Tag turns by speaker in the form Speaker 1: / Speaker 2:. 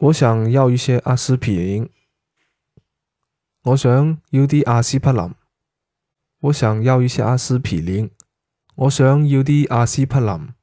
Speaker 1: 我想要一些阿司匹林。我想要啲阿司匹林。我想要一些阿司匹林。我想要啲阿司匹林。